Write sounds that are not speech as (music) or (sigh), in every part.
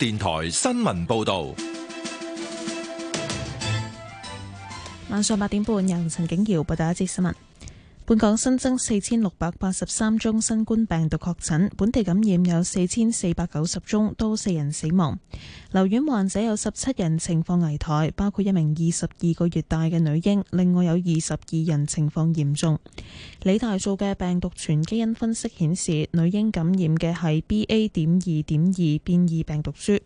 .電台新聞報道。晚上八點半，由陳景瑤報道一則新聞。本港新增四千六百八十三宗新冠病毒確診，本地感染有四千四百九十宗，都四人死亡。留院患者有十七人情況危殆，包括一名二十二個月大嘅女嬰，另外有二十二人情況嚴重。理大做嘅病毒全基因分析顯示，女嬰感染嘅係 BA 點二點二變異病毒株。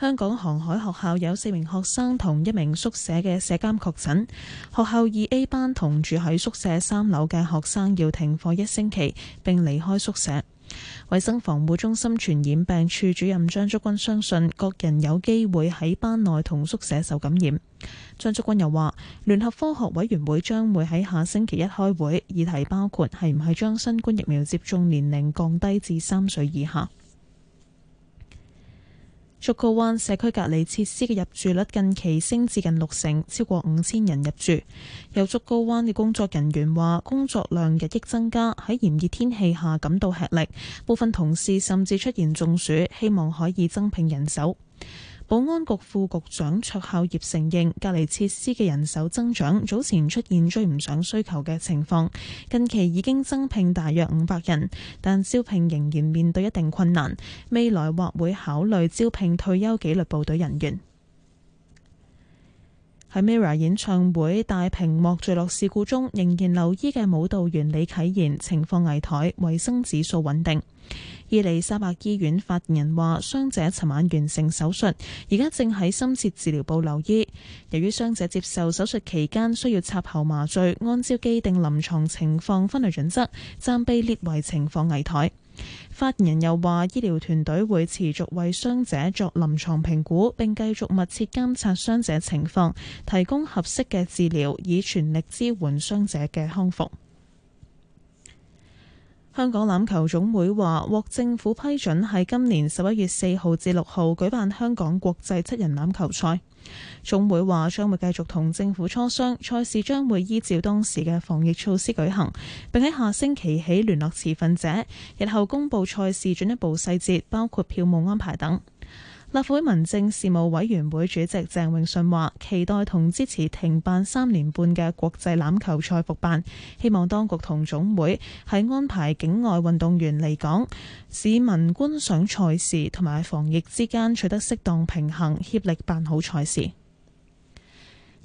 香港航海學校有四名學生同一名宿舍嘅舍監確診，學校二 A 班同住喺宿舍三樓嘅學生要停課一星期並離開宿舍。衛生防護中心傳染病處主任張竹君相信，各人有機會喺班內同宿舍受感染。張竹君又話聯合科學委員會將會喺下星期一開會，議題包括係唔係將新冠疫苗接種年齡降低至三歲以下。竹篙灣社區隔離設施嘅入住率近期升至近六成，超過五千人入住。有竹篙灣嘅工作人員話，工作量日益增加，喺炎熱天氣下感到吃力，部分同事甚至出現中暑，希望可以增聘人手。保安局副局長卓孝業承認，隔離設施嘅人手增長早前出現追唔上需求嘅情況，近期已經增聘大約五百人，但招聘仍然面對一定困難，未來或會考慮招聘退休紀律部隊人員。喺 Mirror 演唱會大屏幕墜落事故中仍然留醫嘅舞蹈員李啟賢情況危殆，衞生指數穩定。伊利沙伯醫院發言人話：傷者尋晚完成手術，而家正喺深切治療部留醫。由於傷者接受手術期間需要插喉麻醉，按照既定臨床情況分類準則，暫被列為情況危殆。發言人又話，醫療團隊會持續為傷者作臨床評估，並繼續密切監察傷者情況，提供合適嘅治療，以全力支援傷者嘅康復。香港欖球總會話獲政府批准，喺今年十一月四號至六號舉辦香港國際七人欖球賽。總會話將會繼續同政府磋商，賽事將會依照當時嘅防疫措施舉行，並喺下星期起聯絡持份者，日後公布賽事進一步細節，包括票務安排等。立法會民政事務委員會主席鄭永順話：期待同支持停辦三年半嘅國際欖球賽復辦，希望當局同總會喺安排境外運動員嚟港、市民觀賞賽事同埋防疫之間取得適當平衡，協力辦好賽事。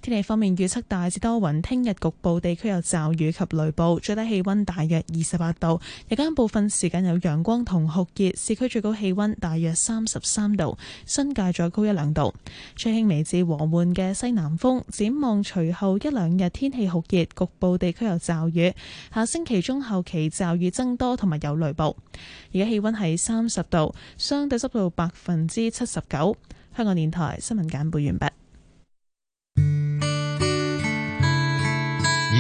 天氣方面預測大致多雲，聽日局部地區有驟雨及雷暴，最低氣溫大約二十八度。日間部分時間有陽光同酷熱，市區最高氣溫大約三十三度，新界再高一兩度。吹輕微至和緩嘅西南風，展望隨後一兩日天氣酷熱，局部地區有驟雨，下星期中後期驟雨增多同埋有雷暴。而家氣溫係三十度，相對濕度百分之七十九。香港電台新聞簡報完畢。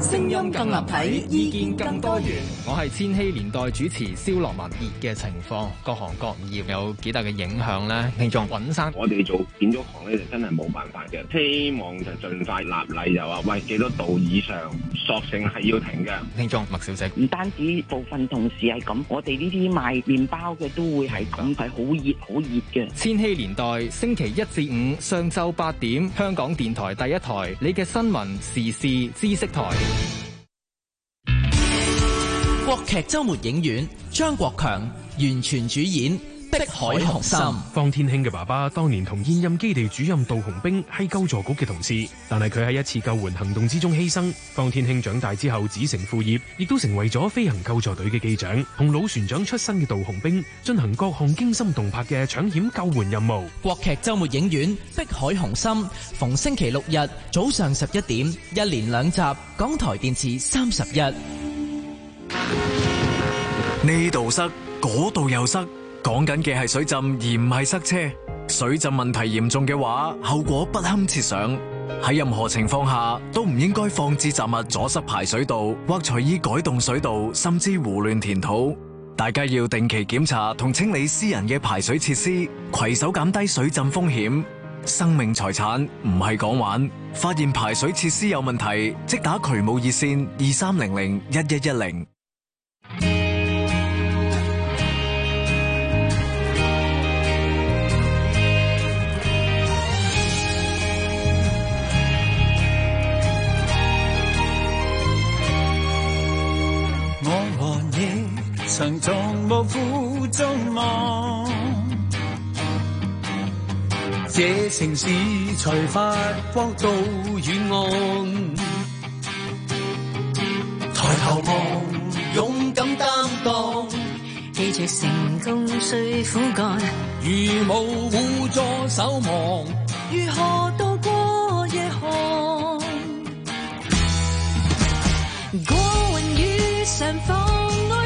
聲音更立體，意見更多元。我係千禧年代主持蕭樂文。熱嘅情況，各行各業有幾大嘅影響呢？聽眾尹生，我哋做建築行咧，就真係冇辦法嘅，希望就盡快立例，又話喂，幾多度以上，索性係要停嘅。聽眾麥小姐，唔單止部分同事係咁，我哋呢啲賣麵包嘅都會係咁，係好熱，好熱嘅。千禧年代星期一至五上晝八點，香港電台第一台，你嘅新聞時事知識台。國劇周末影院，張國強完全主演。《碧海雄心》，方天興嘅爸爸當年同現任基地主任杜洪兵係救助局嘅同事，但係佢喺一次救援行動之中犧牲。方天興長大之後子承父業，亦都成為咗飛行救助隊嘅機長，同老船長出身嘅杜洪兵進行各項驚心動魄嘅搶險救援任務。國劇周末影院《碧海雄心》，逢星期六日早上十一點，一連兩集。港台電視三十一。呢度塞，嗰度又塞。講緊嘅係水浸，而唔係塞車，水浸問題嚴重嘅話，後果不堪設想。喺任何情況下都唔應該放置雜物阻塞排水道，或隨意改動水道，甚至胡亂填土。大家要定期檢查同清理私人嘅排水設施，攜手減低水浸風險。生命財產唔係講玩，發現排水設施有問題，即打渠務熱線二三零零一一一零。亦曾從無負眾望，這城市才發光到遠岸。抬頭望，勇敢擔當，記住成功需苦幹，如無互助守望，如何渡過夜寒？過雲與上風。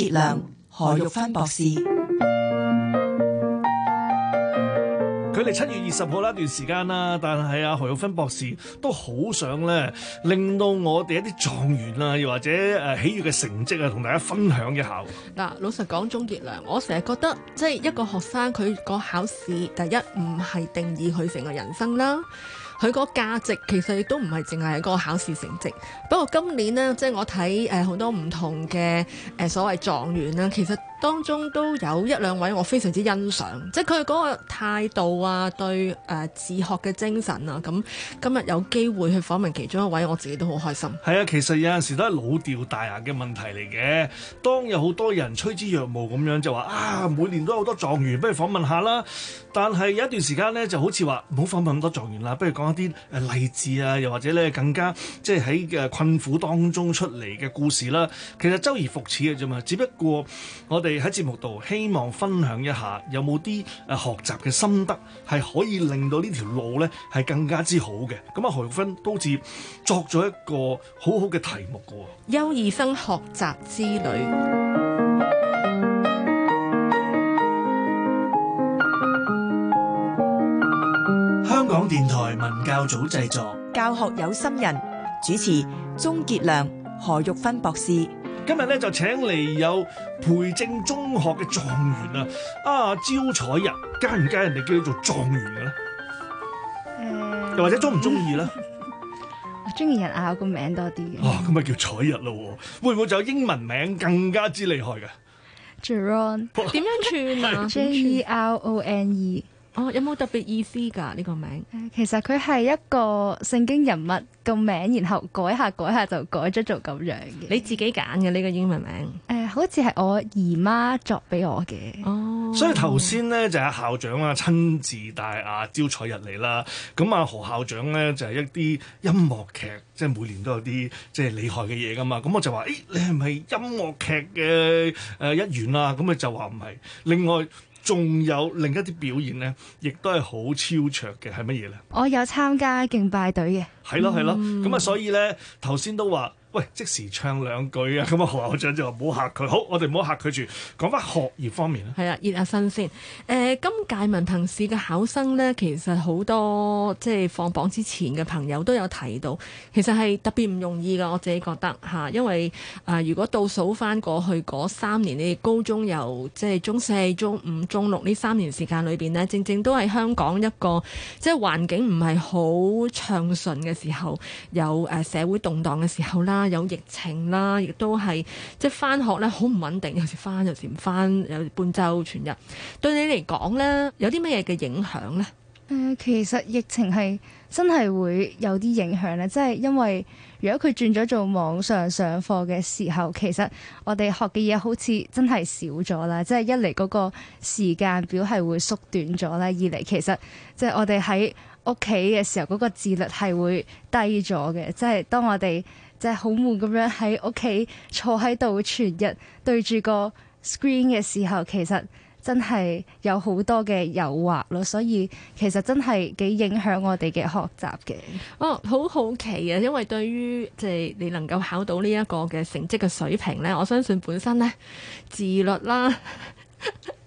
杰良，何玉芬博士，距離七月二十號呢一段時間啦，但係啊，何玉芬博士都好想咧，令到我哋一啲狀元啊，又或者誒喜悅嘅成績啊，同大家分享一下。嗱，老實講，鍾杰良，我成日覺得即係一個學生，佢個考試第一唔係定義佢成個人生啦。佢嗰價值其實亦都唔係淨係嗰個考試成績，不過今年呢，即、係、我睇誒好多唔同嘅、呃、所謂狀元啦，其實。當中都有一兩位我非常之欣賞，即係佢嗰個態度啊，對誒、呃、自學嘅精神啊，咁今日有機會去訪問其中一位，我自己都好開心。係啊， (noise) 嗯、其實有陣時都係老掉大牙嘅問題嚟嘅。當有好多人趨之若鶩咁樣就話啊，每年都有好多狀元，不如訪問下啦。但係有一段時間呢，就好似話唔好訪問咁多狀元啦，不如講一啲誒勵志啊，又或者咧更加即係喺誒困苦當中出嚟嘅故事啦。其實周而復始嘅啫嘛，只不過我哋。 (noise) 喺節目度希望分享一下，有冇啲誒學習嘅心得，係可以令到呢條路咧係更加之好嘅。咁啊，何玉芬都好似作咗一個好好嘅題目嘅。優異生學習之旅，香港電台文教組製作，教學有心人主持，鍾杰良、何玉芬博士。今日咧就請嚟有培正中學嘅狀元啊！啊，焦采溢，介唔介人哋叫做狀元嘅咧？誒，又或者中唔中意咧？ (laughs) 我中意人嗌我個名多啲嘅。哇、啊，咁咪叫采溢咯？會唔會就有英文名更加之厲害嘅？Jerone，點樣串啊 (laughs) ？J、E、R、O、N、E。哦，有冇特別意思噶呢、這個名、呃。其實佢係一個聖經人物個名，然後改下改下就改咗做咁樣嘅。你自己揀嘅呢個英文名。誒、呃，好似係我姨媽作俾我嘅。哦，所以頭先呢，就阿、是、校長啊，親自帶阿、啊、焦采入嚟啦。咁啊何校長呢，就係、是、一啲音樂劇，即係每年都有啲即係厲害嘅嘢噶嘛。咁我就話誒、哎、你係咪音樂劇嘅誒一員啊。咁啊就話唔係。另外。仲有另一啲表現咧，亦都係好超卓嘅，係乜嘢咧？我有參加敬拜隊嘅，係咯係咯，咁啊， (noise) 所以咧頭先都話。喂，即時唱兩句啊！咁啊，何校長就話唔好嚇佢。好，我哋唔好嚇佢住。講翻學業方面啦，係啊，熱下身先。誒、呃，今屆文憑試嘅考生呢，其實好多即係放榜之前嘅朋友都有提到，其實係特別唔容易㗎。我自己覺得嚇，因為啊、呃，如果倒數翻過去嗰三年，你高中由即係中四、中五、中六呢三年時間裏邊呢，正正都係香港一個即係環境唔係好暢順嘅時候，有誒、呃，社會動盪嘅時候啦。有疫情啦，亦都係即係翻學咧，好唔穩定，有時翻，有時唔翻，有半晝全日。對你嚟講咧，有啲乜嘢嘅影響咧？誒、呃，其實疫情係真係會有啲影響咧，即係因為如果佢轉咗做網上上課嘅時候，其實我哋學嘅嘢好似真係少咗啦。即係一嚟嗰個時間表係會縮短咗咧，二嚟其實即係我哋喺屋企嘅時候嗰個自律係會低咗嘅。即係當我哋。即係好悶咁樣喺屋企坐喺度，全日對住個 screen 嘅時候，其實真係有好多嘅誘惑咯。所以其實真係幾影響我哋嘅學習嘅。哦，好好奇啊！因為對於即係你能夠考到呢一個嘅成績嘅水平咧，我相信本身咧自律啦。 (laughs)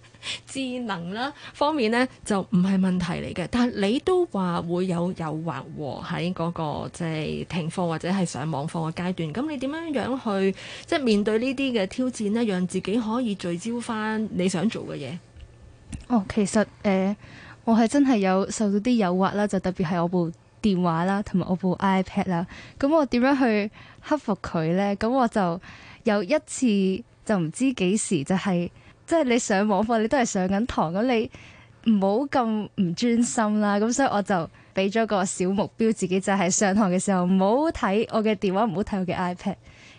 智能啦，方面咧就唔係問題嚟嘅，但係你都話會有誘惑喎，喺嗰個即係、就是、停課或者係上網課嘅階段，咁你點樣樣去即係、就是、面對呢啲嘅挑戰咧，讓自己可以聚焦翻你想做嘅嘢？哦，其實誒、呃，我係真係有受到啲誘惑啦，就特別係我部電話啦，同埋我部 iPad 啦。咁我點樣去克服佢咧？咁我就有一次就唔知幾時就係、是。即係你上網課，你都係上緊堂咁，你唔好咁唔專心啦。咁所以我就俾咗個小目標，自己就係上堂嘅時候唔好睇我嘅電話，唔好睇我嘅 iPad。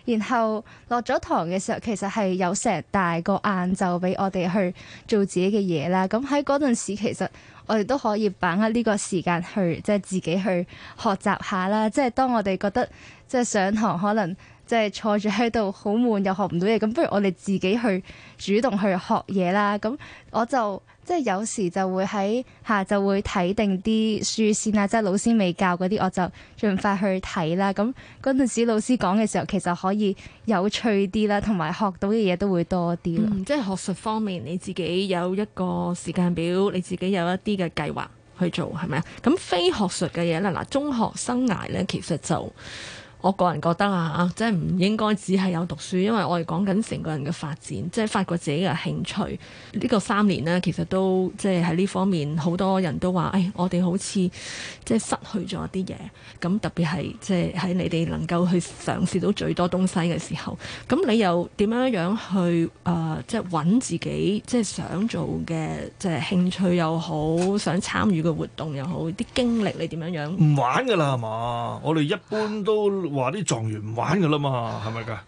然後落咗堂嘅時候，其實係有成大個晏晝俾我哋去做自己嘅嘢啦。咁喺嗰陣時，其實我哋都可以把握呢個時間去，即係自己去學習下啦。即係當我哋覺得即係上堂可能。即係坐住喺度好悶又學唔到嘢，咁不如我哋自己去主動去學嘢啦。咁我就即係有時就會喺下晝、啊、就會睇定啲書先啊，即係老師未教嗰啲，我就盡快去睇啦。咁嗰陣時老師講嘅時候，其實可以有趣啲啦，同埋學到嘅嘢都會多啲咯、嗯。即係學術方面，你自己有一個時間表，你自己有一啲嘅計劃去做，係咪啊？咁非學術嘅嘢咧，嗱中學生涯咧，其實就～我個人覺得啊，即係唔應該只係有讀書，因為我哋講緊成個人嘅發展，即係發掘自己嘅興趣。呢個三年呢，其實都即係喺呢方面，好多人都話，誒，我哋好似即係失去咗啲嘢。咁特別係即係喺你哋能夠去嘗試到最多東西嘅時候，咁你又點樣樣去誒？即係揾自己即係想做嘅，即係興趣又好，想參與嘅活動又好，啲經歷你點樣樣？唔玩㗎啦，係嘛？我哋一般都。話啲狀元唔玩㗎啦嘛，係咪㗎？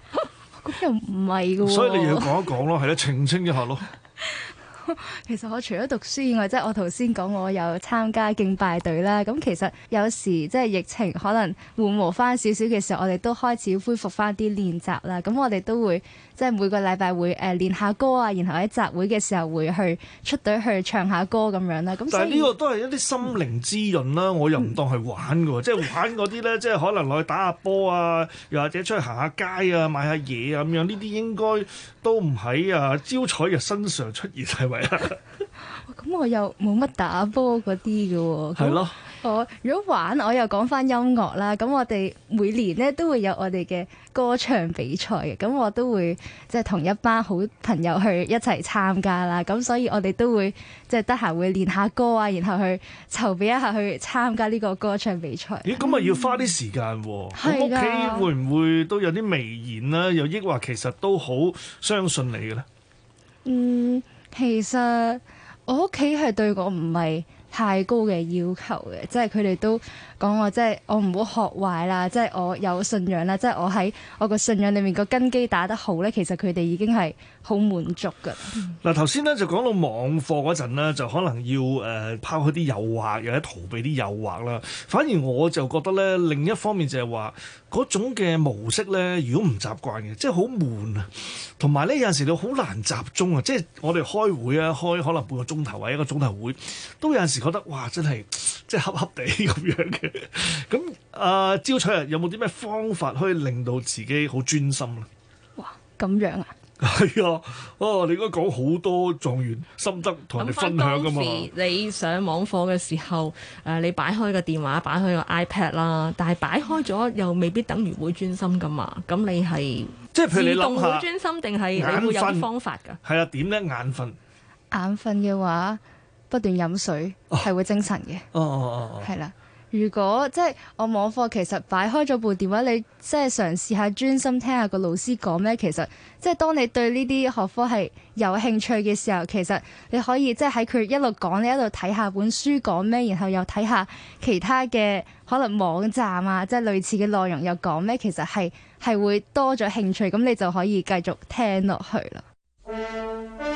咁 (laughs) 又唔係㗎喎，所以你要講一講咯，係啦， (laughs) 澄清一下咯。其實我除咗讀書以外，即係我頭先講我有參加敬拜隊啦。咁其實有時即係疫情可能緩和翻少少嘅時候，我哋都開始恢復翻啲練習啦。咁我哋都會即係每個禮拜會誒練、呃、下歌啊，然後喺集會嘅時候會去出隊去唱下歌咁樣啦。咁但係呢個都係一啲心靈滋潤啦。嗯、我又唔當去玩嘅、嗯， (laughs) 即係玩嗰啲咧，即係可能落去打下波啊，又或者出去行下街啊，買下嘢啊咁樣。呢啲應該都唔喺啊，焦采嘅身上出現咁、 (laughs) 哦、我又冇乜打波嗰啲嘅。咁的我，我如果玩，我又講返音樂啦。咁我哋每年咧都會有我哋嘅歌唱比賽嘅。咁我都會即係、就是、同一班好朋友去一齊參加啦。咁所以我哋都會即係得閒會練下歌啊，然後去籌備一下去參加呢個歌唱比賽。咦？咁、嗯、啊，要花啲時間喎。喺屋企會唔會都有啲微言啦、啊？又抑或其實都好相信你嘅咧？嗯。其實，我屋企係對我唔係太高嘅要求嘅，即係佢哋都講話，即係我唔好學壞啦，即係我有信仰啦，即係我喺我個信仰裏面個根基打得好咧，其實佢哋已經係好滿足噶。嗱，頭先咧就講到網課嗰陣咧，就可能要誒拋開啲誘惑，又喺逃避啲誘惑啦。反而我就覺得咧，另一方面就係話嗰種嘅模式咧，如果唔習慣嘅，即係好悶啊，同埋咧有陣時你都好難集中啊，即係我哋開會啊，開可能半個鐘頭或者一個鐘頭會都有陣時。覺得哇，真係即係瞌瞌地咁樣嘅。咁 (laughs) 啊，焦采溢，有冇啲咩方法可以令到自己好專心咧？哇，咁樣啊？係 (laughs) 啊，哦，你應該講好多狀元心得同人哋分享噶嘛。咁翻當時你上網課嘅時候，誒、呃，你擺開個電話，擺開個 iPad 啦，但係擺開咗又未必等於會專心噶嘛。咁你係自動好專心定係你會有咩方法噶？係啊，點咧？眼瞓？眼瞓嘅話？不斷飲水係、oh. 會精神嘅，係啦、oh, oh, oh, oh。如果即係我網課，其實擺開咗部電話，你即係嘗試下專心聽下個老師講咩。其實即係當你對呢啲學科係有興趣嘅時候，其實你可以即係喺佢一路講，你一路睇下本書講咩，然後又睇下其他嘅可能網站啊，即係類似嘅內容又講咩。其實係係會多咗興趣，咁你就可以繼續聽落去啦。 (music)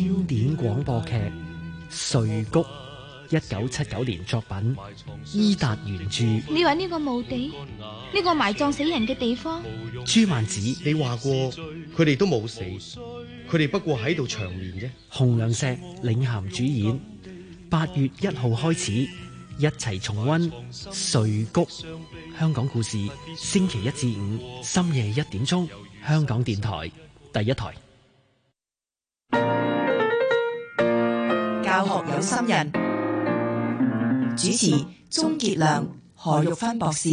經典廣播劇《瑞谷》，一九七九年作品，依達原著。你話呢個墓地，呢個埋葬死人嘅地方。朱萬子，你話過佢哋都冇死，佢哋不過喺度長眠啫。紅亮石領銜主演，八月一號開始，一齊重溫《瑞谷》香港故事，星期一至五深夜一點鐘，香港電台第一台。教學有心人，主持鍾杰良、何玉芬博士。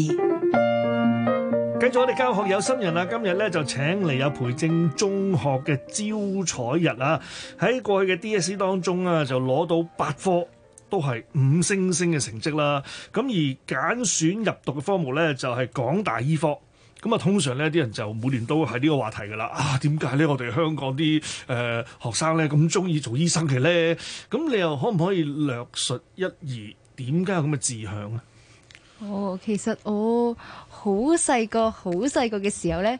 跟住我哋教學有心人啊，今日咧就請嚟有培正中學嘅焦采溢啊，喺過去嘅 DSE 當中啊，就攞到八科都係五星星嘅成績啦。咁而揀選入讀嘅科目咧，就係港大醫科。咁啊，通常呢啲人就每年都係呢個話題噶啦。啊，點解呢？我哋香港啲誒、呃、學生呢，咁中意做醫生嘅呢？咁你又可唔可以略述一二？點解有咁嘅志向呢？哦，其實我好細個，好細個嘅時候呢，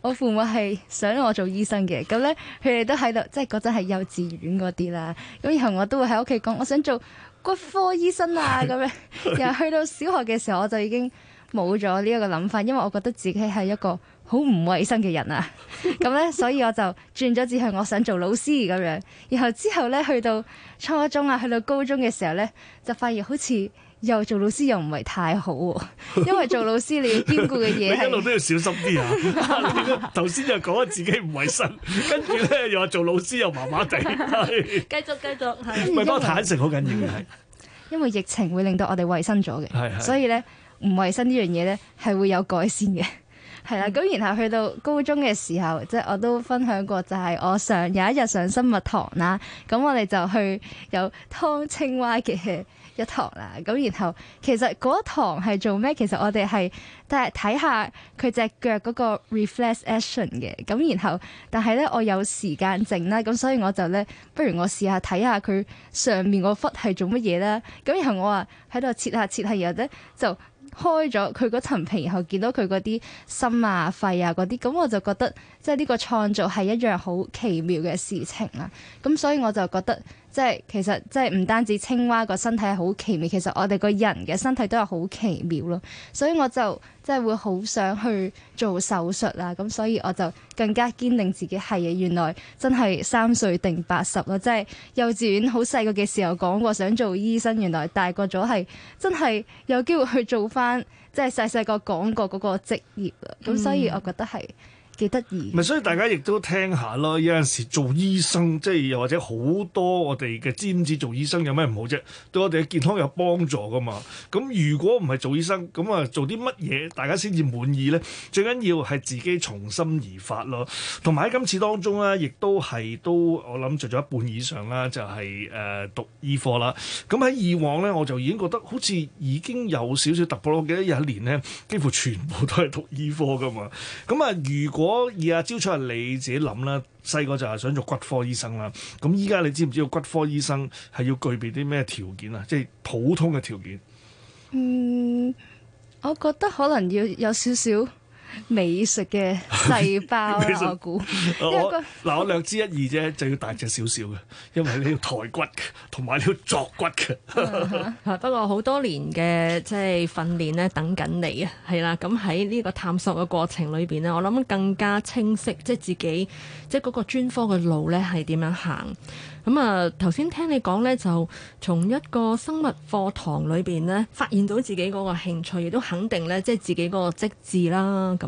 我父母係想我做醫生嘅。咁呢，佢哋都喺度，即係嗰陣係幼稚園嗰啲啦。咁然後我都會喺屋企講，我想做骨科醫生啊咁係樣。然後係去到小學嘅時候，我就已經，冇咗呢一個諗法，因為我覺得自己係一個好唔衛生嘅人啊，咁咧 (laughs) 所以我就轉咗，只係我想做老師咁樣。然後之後咧去到初中啊，去到高中嘅時候咧，就發現好似又做老師又唔係太好啊，因為做老師你要兼顧嘅嘢， (laughs) 一路都要小心啲啊。頭 (laughs) 先又講自己唔衛生，跟住咧又話做老師又麻麻地，係 (laughs) 繼 (laughs) 續繼續係。咪多坦誠好緊要嘅。係，因為疫情會令到我哋衛生咗嘅， (laughs) 所以咧。唔衞生呢樣嘢咧，係會有改善嘅，係 (laughs) 啦。咁然後去到高中嘅時候，即係我都分享過，就係我上有一日上生物堂啦，咁我哋就去有劏青蛙嘅一堂啦。咁然後其實嗰堂係做咩？其實我哋係但係睇下佢隻腳嗰個 reflex action 嘅。咁然後但係咧，我有時間整啦，咁所以我就咧，不如我試下睇下佢上面嗰窟係做乜嘢啦。咁然後我啊喺度切下切下，然後咧就。開咗佢嗰層皮，然後見到佢嗰啲心啊、肺啊嗰啲，咁我就覺得，即係呢個創造係一樣好奇妙嘅事情啦。咁所以我就覺得。即係其實即係唔單止青蛙個身體好奇妙，其實我哋個人嘅身體都係好奇妙咯。所以我就即係會好想去做手術啦。咁所以我就更加堅定自己係原來真係三歲定八十咯。即係幼稚園好細個嘅時候講過想做醫生，原來大個咗係真係有機會去做翻即係細細個講過嗰個職業啦。咁所以我覺得係。嗯幾得意，咪所以大家亦都聽下咯。有陣時做醫生，即係又或者好多我哋嘅尖子做醫生有，有咩唔好啫？對我哋嘅健康有幫助噶嘛？咁如果唔係做醫生，咁啊做啲乜嘢大家先至滿意咧？最緊要係自己從心而發咯。同埋喺今次當中咧，亦都係都我諗著咗一半以上啦，就是，就係誒讀醫科啦。咁喺以往咧，我就已經覺得好似已經有少少突破咯。記得有一年咧，幾乎全部都係讀醫科噶嘛。咁啊，如果所以阿焦春你自己諗啦，細個就係想做骨科醫生啦。咁依家你知唔知道骨科醫生係要具備啲咩條件啊？即係普通嘅條件。嗯，我覺得可能要有少少。美術嘅細胞我估。嗱， (laughs) 我略知一二啫，就要大隻少少嘅，因為你要抬骨，同埋你要鑿骨嘅 (laughs) (laughs) (laughs) 不過好多年嘅即係訓練咧，等緊你啊，係啦。咁喺呢個探索嘅過程裏邊咧，我諗更加清晰，即係自己，即係嗰個專科嘅路咧，係點樣行。咁啊，頭先聽你講呢，就從一個生物課堂裏邊呢，發現到自己嗰個興趣，亦都肯定呢，即係自己個職志啦。咁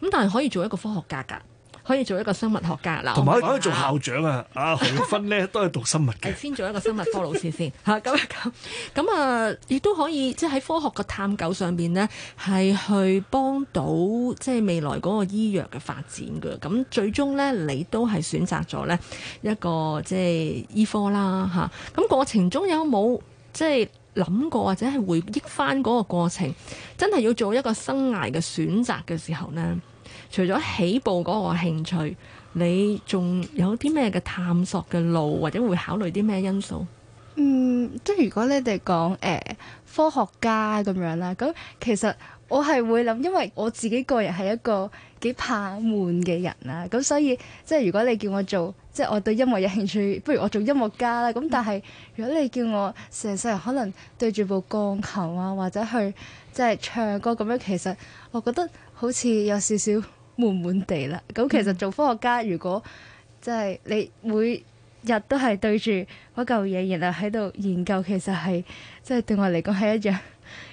咁，但係可以做一個科學家噶。可以做一個生物學家啦，同埋可以做校長 (laughs) 啊！阿洪芬咧都係讀生物嘅， (laughs) 先做一個生物科老師先嚇。咁咁咁啊，亦、啊、都可以即係喺科學嘅探究上邊咧，係去幫到即係、就是、未來嗰個醫藥嘅發展嘅。咁最終咧，你都係選擇咗咧一個即係、就是、醫科啦嚇。咁、啊、過程中有冇即係諗過或者係回憶翻嗰個過程？真係要做一個生涯嘅選擇嘅時候咧？除咗起步嗰個興趣，你仲有啲咩嘅探索嘅路，或者會考慮啲咩因素？嗯，即係如果你哋講誒科學家咁樣啦，咁其實我係會諗，因為我自己個人係一個幾怕悶嘅人啊，咁所以即係如果你叫我做，即係我對音樂有興趣，不如我做音樂家啦。咁但係如果你叫我成世人可能對住部鋼琴啊，或者去即係、就是、唱歌咁樣，其實我覺得好似有少少。悶悶地啦，咁其實做科學家，如果即係你每日都係對住嗰嚿嘢，然後喺度研究，其實係，即係對我嚟講係一樣。 (laughs)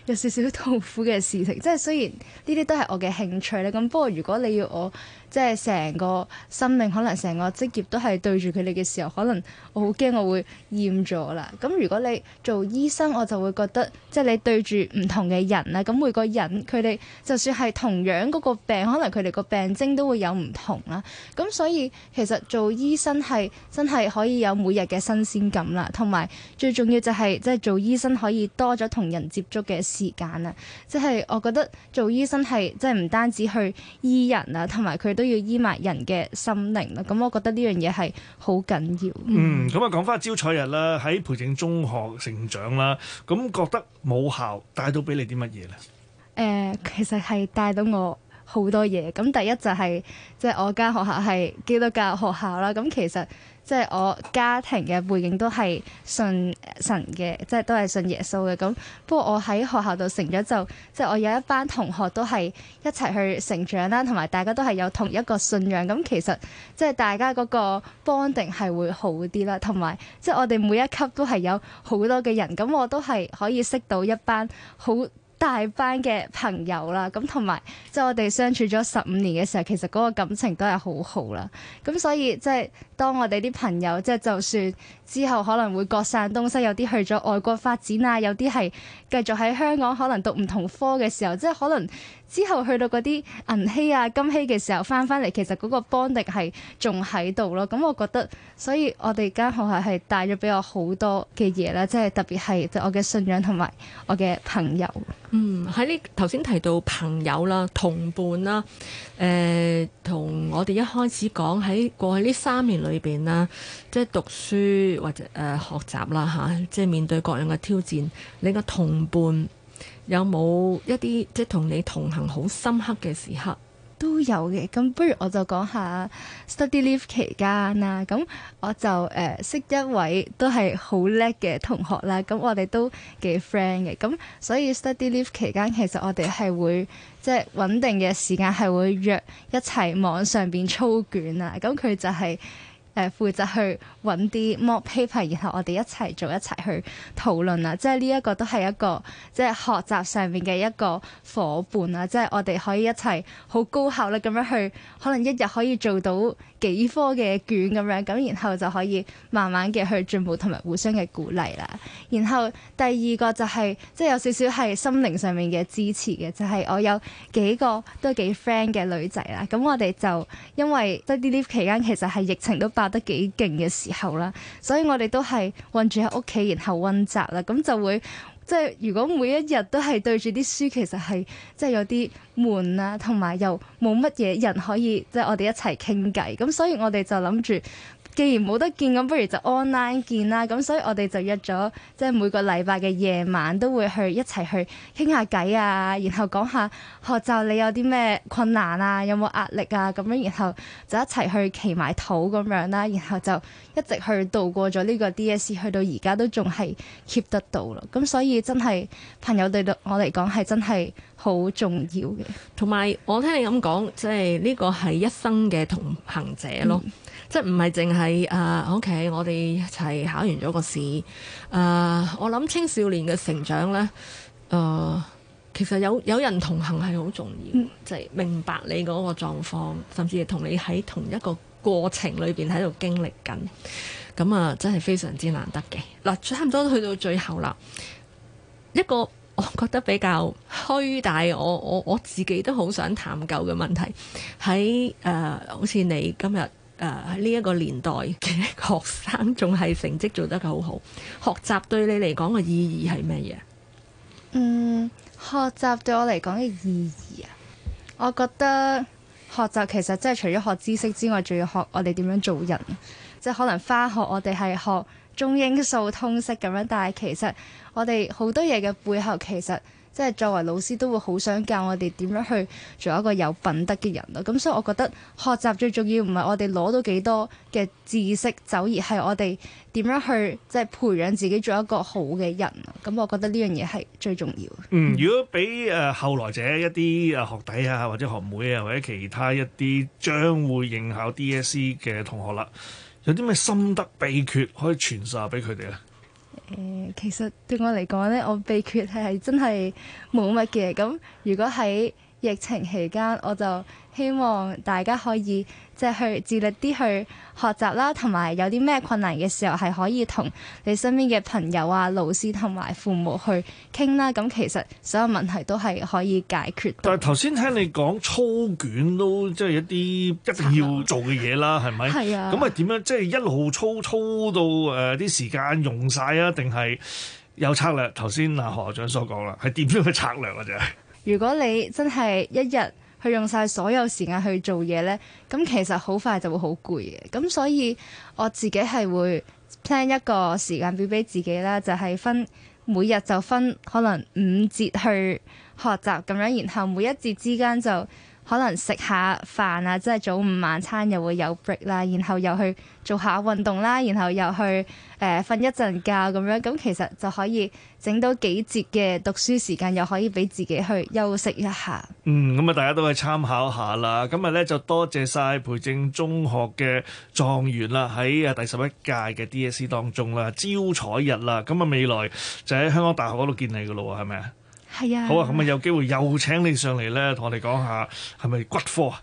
有少少痛苦嘅事情，即係雖然呢啲都係我嘅興趣咧，咁不過如果你要我即係成個生命，可能成個職業都係對住佢哋嘅時候，可能我好驚我會厭咗啦。咁如果你做醫生，我就會覺得即係你對住唔同嘅人咧，咁每個人佢哋就算係同樣嗰個病，可能佢哋個病徵都會有唔同啦。咁所以其實做醫生係真係可以有每日嘅新鮮感啦，同埋最重要就係即係做醫生可以多咗同人接觸嘅。時間啦，即係我覺得做醫生係即係唔單止去醫人啊，同埋佢都要醫埋人嘅心靈啦。咁我覺得呢樣嘢係好緊要。嗯，咁啊講翻焦采溢啦，喺培正中學成長啦，咁覺得母校帶到俾你啲乜嘢咧？誒、呃，其實係帶到我好多嘢。咁第一就係即係我間學校係基督教學校啦。咁其實。即係我家庭嘅背景都係信神嘅，即係都係信耶穌嘅咁。不過我喺學校度成長就，即係我有一班同學都係一齊去成長啦，同埋大家都係有同一個信仰。咁其實即係大家嗰個 bonding 係會好啲啦，同埋即係我哋每一級都係有好多嘅人。咁我都係可以識到一班好。大班嘅朋友啦，咁同埋即係我哋相處咗十五年嘅時候，其實嗰個感情都係好好啦。咁所以即係、就是、當我哋啲朋友即係、就是、就算之後可能會各散東西，有啲去咗外國發展啊，有啲係。繼續喺香港可能讀唔同科嘅時候，即係可能之後去到嗰啲銀禧啊、金禧嘅時候翻翻嚟，其實嗰個 bonding 係仲喺度咯。咁我覺得，所以我哋間學校係帶咗畀我好多嘅嘢啦，即係特別係我嘅信仰同埋我嘅朋友。嗯，喺呢頭先提到朋友啦、同伴啦，誒、呃，同我哋一開始講喺過去呢三年裏邊、呃、啦，即係讀書或者誒學習啦嚇，即係面對各樣嘅挑戰，你個同伴有冇一啲即係同你同行好深刻嘅時刻？都有嘅。咁不如我就講下 study leave 期間啦。咁我就誒、呃、識一位都係好叻嘅同學啦。咁我哋都幾 friend 嘅。咁所以 study leave 期間其實我哋係會即係穩定嘅時間係會約一齊網上邊操卷啊。咁佢就係、是。誒負責去揾啲 mock paper，然後我哋一齊做一齊去討論啊！即係呢一個都係一個即係學習上面嘅一個伙伴啊！即係我哋可以一齊好高效咧咁樣去，可能一日可以做到幾科嘅卷咁樣，咁然後就可以慢慢嘅去進步同埋互相嘅鼓勵啦。然後第二個就係，即係有少少係心靈上面嘅支持嘅，就係我有幾個都幾 friend 嘅女仔啦。咁我哋就因為得呢啲期間其實係疫情都拍得幾勁嘅時候啦，所以我哋都係困住喺屋企，然後溫習啦，咁就會即係如果每一日都係對住啲書，其實係即係有啲悶啊，同埋又冇乜嘢人可以即係我哋一齊傾偈，咁所以我哋就諗住。既然冇得見，咁不如就 online 見啦。咁所以我哋就約咗，即係每個禮拜嘅夜晚都會去一齊去傾下偈啊，然後講下學習你有啲咩困難啊，有冇壓力啊咁樣，然後就一齊去祈埋禱咁樣啦，然後就一直去度過咗呢個 DSE 去到而家都仲係 keep 得到咯，咁所以真係朋友對到我嚟講係真係。好重要嘅，同埋我聽你咁講，即係呢個係一生嘅同行者咯，嗯、即係唔係淨係啊。Uh, OK，我哋一齊考完咗個試。啊、uh,，我諗青少年嘅成長咧，誒、uh,，其實有有人同行係好重要，即係、嗯、明白你嗰個狀況，甚至係同你喺同一個過程裏邊喺度經歷緊。咁啊，真係非常之難得嘅。嗱，差唔多去到最後啦，一個。我覺得比較虛大，但我我我自己都好想探究嘅問題喺誒、呃，好似你今日誒呢一個年代嘅學生，仲係成績做得好好，學習對你嚟講嘅意義係咩嘢？嗯，學習對我嚟講嘅意義啊，我覺得學習其實即係除咗學知識之外，仲要學我哋點樣做人。即係可能返學，我哋係學中英數通識咁樣，但係其實我哋好多嘢嘅背後，其實即係作為老師都會好想教我哋點樣去做一個有品德嘅人咯。咁所以，我覺得學習最重要唔係我哋攞到幾多嘅知識，走而係我哋點樣去即係培養自己做一個好嘅人。咁我覺得呢樣嘢係最重要。嗯，如果畀誒後來者一啲誒學弟啊，或者學妹啊，或者其他一啲將會應考 DSE 嘅同學啦。有啲咩心得秘訣可以傳授下俾佢哋咧？誒，其實對我嚟講咧，我秘訣係係真係冇乜嘅。咁如果喺疫情期間，我就希望大家可以。即係去自律啲去學習啦，同埋有啲咩困難嘅時候係可以同你身邊嘅朋友啊、老師同埋父母去傾啦。咁其實所有問題都係可以解決。但係頭先聽你講操卷都即係一啲一定要做嘅嘢啦，係咪略？係啊。咁啊點樣即係一路操操到誒啲、呃、時間用晒啊？定係有策略？頭先啊何校長所講啦，係點樣嘅策略啊？就 (laughs) 係如果你真係一日。佢用晒所有時間去做嘢咧，咁其實好快就會好攰嘅。咁所以我自己係會 plan 一個時間表俾自己啦，就係分每日就分可能五節去學習咁樣，然後每一節之間就，可能食下飯啊，即係早午晚餐又會有 break 啦，然後又去做下運動啦，然後又去誒瞓一陣覺咁樣，咁其實就可以整到幾節嘅讀書時間，又可以俾自己去休息一下。嗯，咁啊，大家都去參考下啦。今日咧就多謝晒培正中學嘅狀元啦，喺啊第十一屆嘅 DSE 當中啦，焦采溢啦。咁啊，未來就喺香港大學嗰度見你嘅咯喎，係咪啊？係啊，好啊，咁啊，有機會又請你上嚟咧，同我哋講下係咪骨科啊？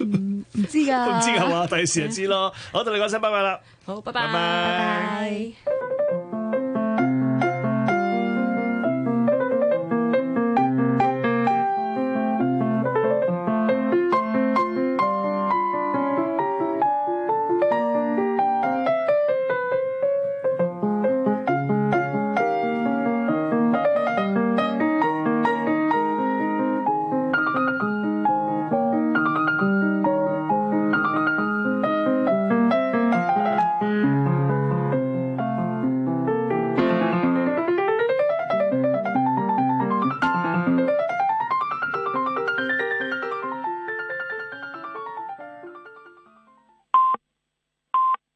唔 (laughs) 嗯、知㗎、啊，都唔知係嘛，第時就知啦。嗯、好，同你講聲拜拜啦。好，拜拜，拜拜。